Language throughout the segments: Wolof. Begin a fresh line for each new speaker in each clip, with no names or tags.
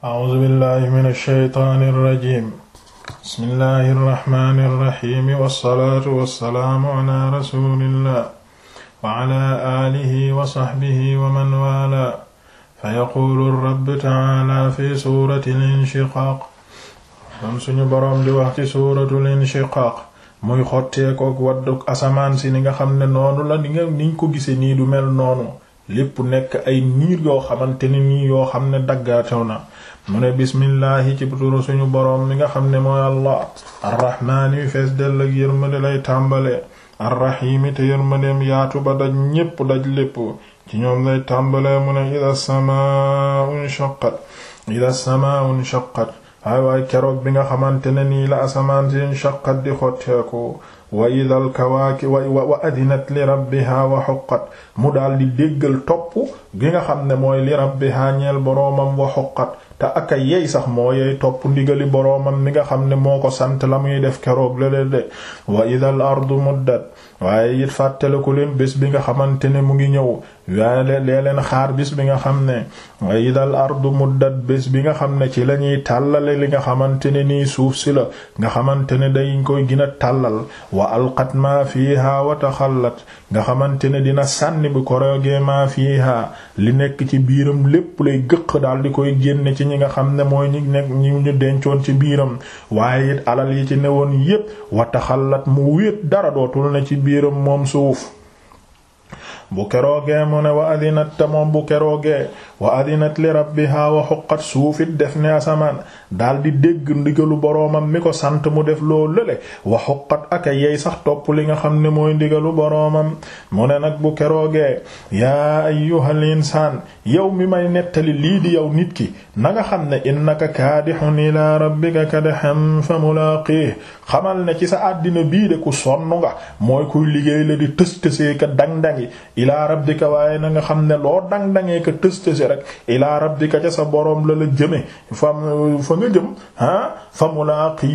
A'uuzu billahi mina shaytaani rajiim. Bismillahi rahmaani rahiim. Wassalaatu wassalaamu alaa rasuulillah wa alaa aalihi wa sahbihi wa man waalaa. Fayaquulu rabbu ta'aalaa fi suuratil inshiqaaq. Kon suñu boroom di wax ci suuratul inshiqaaq muy xotteeku ak waddug asamaan si ni nga xam ne noonu la ni nga niñ ko gise nii du mel noonu. lépp nekk ay niir yoo xamante ne nii yoo xam ne daggaataw na mu ne bismillahi ci turu suñu borom mi nga xam ne mooy allah fees dell ak yërmande lay tàmbale arrahimi te yërmandeem yaatu ba daj ñépp daj lépp ci ñoom lay tàmbale mu ne ida samaau nshaqat ida samaau nshaqat waay waay keroog bi nga xamante ne nii la asamaan si nshaqat di xotteeku wa ida alkawaaki wa adinat li rabbiha wa xoqat mu daal di déggal topp gi nga xam ne mooy li rabbiha ñeel boroomam wa xoqat te aka yey sax moo yey topp ndigali boroomam mi nga xam ne moo ko sant la muy def keroog la de wa ida al ardu muddat waaye it fàttaliku leen bés bi nga xamante ne mu ngi ñëw waaye dee leen xaar bis bi nga xam ne wa idal ardu muddat bés bi nga xam ne ci la ñuy tàllale li nga xamante ne nii suuf si la nga xamante ne dañ koy gën a tàllal wa alqat ma fiha wa taxallat nga xamante ne dina sànni bu korogee ma fiha li nekk ci biiram lépp lay gëq daal di koy génne ci ñi nga xam ne mooy ñi nekk ñi ñu dencoon ci biiram waaye it alal yi ci newoon yépp wa taxallat mu wéet dara biiram moom suuf bu keroogee mu ne wa adinat te bu keroogee wa adinat li rabbiha wa xoqat suufit def ne asamaan daal di dégg ndigalu boroomam mi ko sant mu def loo lële wa xoqat aka yey sax topp li nga xam ne mooy ndigalu boroomam mu ne nag bu keroogee yaa ayyuhal insaan yow mi may nettali lii di yow nit ki nanga xam ne innaka kaadihun ilaa rabbika kadhan fa mulaaqiih xamal ne ci sa àddina bii de ku sonn nga mooy kuy liggéey la di tës ka dang ilaa rabbika waaye na nga xam ne loo dang-dangee ko tëstësi rek ilaa rabbika ca sa boroom la la jëme fa fa nga jëm ah fa mulaqi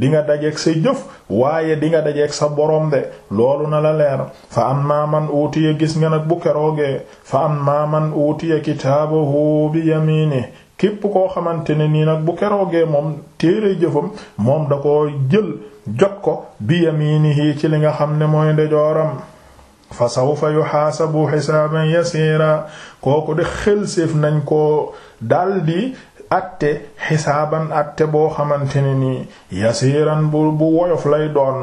di nga dajeek sa jëf waaye di nga dajeek sa boroom de loolu na la leer fa amma man utiya gis nga nag bu keroogee fa amma man utiya kitaabahu bi yamini képp koo xamante ne nii nag bu keroogee moom téere jëfam moom da ko jël jot ko bi yaminihi ci li nga xam ne mooy ndejooram fa sawfa yuxaasabu xisaaban yasiira kooku de xelséef nañ koo daldi atte xisaaban atte boo xamante ne nii bu bu woyof lay doon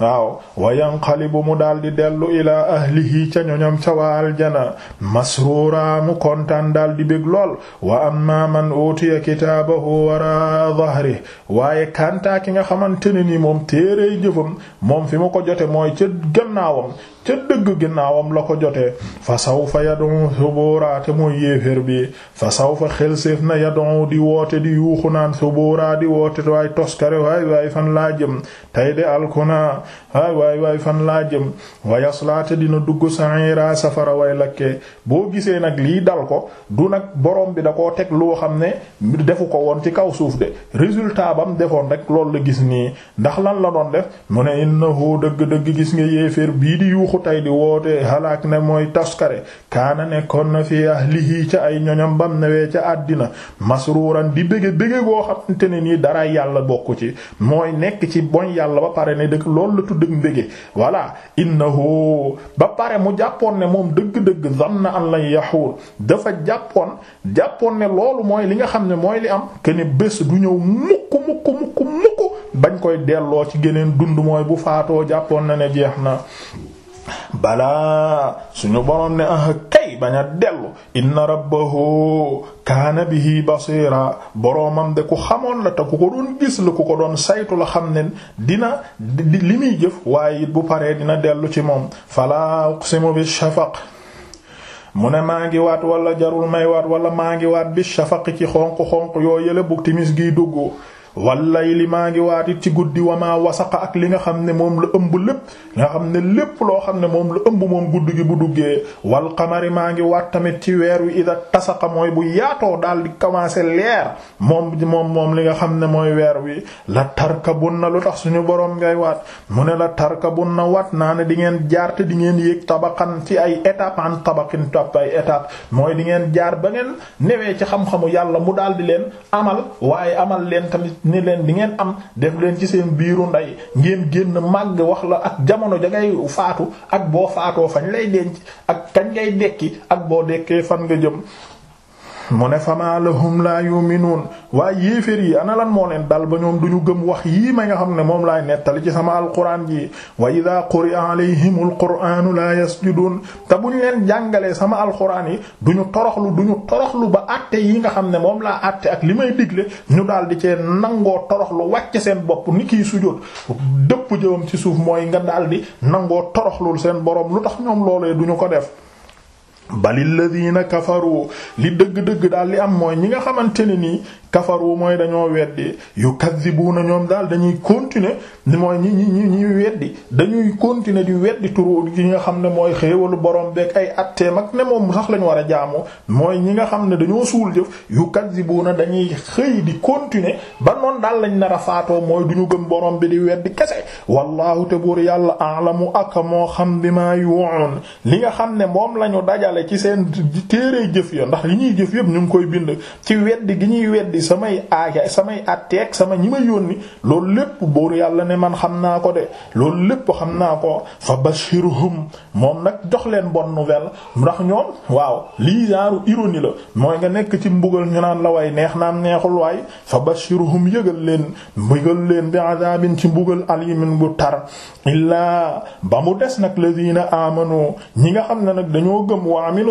waaw wa yanqalibu mu daal di dellu ilaa ahlihi ca ñoñom ca waa aljana masruura mu kontaan daal di bég lool wa amma man utiya kitaabahu wara dhahri waaye kantaa ki nga xamante ne ni moom téerey jëfam moom fi mu ko jote mooy ca gannaawam ca dëgg ginnaawam la ko jote fa sawfa yad'u subura te mooy yéeféer bi fa sawfa xelséef na yad'u di woote di yuuxu naan subura di woote waay toskare waay fan laa jëm tay de alkuna ay waay waay fan laa jëm wa yaslaate dina dugg sa'ira safara way lakke boo gisee nag lii dal ko du nag borom bi da koo teg loo xam ne defu ko woon ci kaw suuf de résultat bam defoon rek loolu la gis nii ndax lan la doon def mu ne innahu dëgg-dëgg gis nga yéeféer bii di yuuxu tey di woote halaak ne mooy taskare kaana nekkoon na fi ahlihi ca ay ñoñam bam newee ca àddina masruuran di bëgge bëgge goo xamante ne nii dara yàlla bokku ci mooy nekk ci boñ yàlla ba pare ne dëkk lool loolu la tudd ak mbége voilà innahu ba pare mu jàppoon ne moom dëgg-dëgg na am lan yaxuur dafa jàppoon jàppoon ne loolu mooy li nga xam ne mooy li am que bés du ñëw mukk mukk mukk mukk bañ koy delloo ci geneen dund mooy bu faatoo jàppoon na ne jeex na balaa suñu borom ne ah kay tey bañ a dellu inna rabbahu kaana bihi basira boroomam de ku xamoon la te ku ko doon gis la ku ko doon saytu la xam ne dina li muy jëf waaye it bu paree dina dellu ci moom fala uqsimu bi shafaq mu ne maa ngi waat wala jarul may waat wala maa ngi waat bi shafaq ci xonq xonq yoo yële bu timis giy dugg wallayli maa ngi waatit ci guddi wa maa wasaqa ak li nga xam ne moom la ëmb lépp nga xam ne lépp loo xam ne moom la ëmb moom guddi gi bu duggee wal xamari maa ngi waat tamit ci weer wi ida tasaqa mooy bu yaatoo daal di commencé leer moom moom moom li nga xam ne mooy weer wi la na lu tax suñu boroom ngay waat mu ne la tarka na waat naa ne di ngeen jaar te di ngeen yéeg tabakan ci ay étape tabakin tabaqin ay étape mooy di ngeen jaar ba ngeen ci xam yàlla mu daal di leen amal waaye amal leen tamit ni leen di ngeen am def leen ci seen biiru ndey ngeen génn màgg wax la ak jamono dangay ngay faatu ak boo faatoo fañ lay denc ak kañ ngay dekki ak boo dekkee fan nga jëm mu ne fama lahum la yu'minun waaye yéefér yi ana moo leen dal ba ñoom duñu gëm wax yii ma nga xam ne moom laay nettali ci sama alquran ji wa idha quri'a alayhim alquranu la yasjudun te buñ leen jàngalee sama alquran yi duñu toroxlu duñu toroxlu ba àtte yi nga xam ne moom laa àtte ak li may digle ñu daal di cee nangoo toroxlu wàcc seen bopp ni kii sujjóot dëpp jëwam ci suuf mooy nga daal di nangoo toroxlul seen boroom lu tax ñoom loolee duñu ko def balil ladina kafaru li dëgg-dëgg daal li am mooy ñi nga xamante ne nii kafaru mooy dañoo weddi yu na ñoom daal dañuy continuer mooy ñi ñi ñi ñuy weddi dañuy continuer di weddi turu gi nga xam ne mooy xéewalu borom beeg ay atteem ak ne moom sax lañ war a jaamoo mooy ñi nga xam ne dañoo suul jëf yu kaddibuuna dañuy di continuer ba noon daal lañu nar a faatoo mooy du ñu gëm borom bi di weddi kese wallahu te buur yàlla a'lamu ak moo xam bi maa yu'un li nga xam ne moom lañu dajale yi ci seen téere jëf ya ndax li ñuy jëf yëpp ñu ngi koy bind ci weddi gi ñuy weddi samay aaya samay atteeg sama ñi ma yónni loolu lépp booru yàlla ne man xam naa ko de loolu lépp xam naa ko fa bashirhum moom nag jox leen bonne nouvelle ndax ñoom waaw lii genre ironie la mooy nga nekk ci mbugal ñu naan la way neex naan neexul waay fa bashirhum yëgal leen mbugal leen bi adabin ci mbugal alimin bu tar illaa ba mu des nag ladina amanu ñi nga xam wa amilu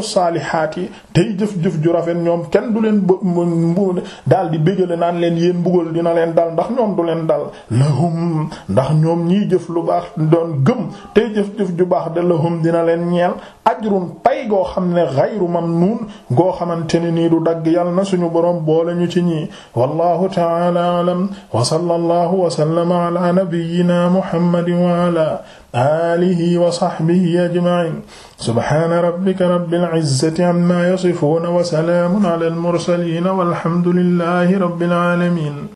yi tey jëf-jëf ju rafet ñoom kenn du leen bë daal di bégale naan leen yéen mbugal dina leen dal ndax ñoom du leen dal lahum ndax ñoom ñiy jëf lu baax doon gëm tey jëf-jëf ju baax de lahum dina leen ñeel ajrun pay goo xam ne ghayru mamnun goo xamante ne nii du dagg yàlla na suñu borom boole ñu ci ñi wallahu ta'ala a'lam wa sallallahu wa sallama ala nabiyyina muhammadin wa ala alihi wa sahbihi ajma'in subhana rabbika rabbil izzati amma yasifun wa salamun ala al mursalin walhamdulillahi rabbil alamin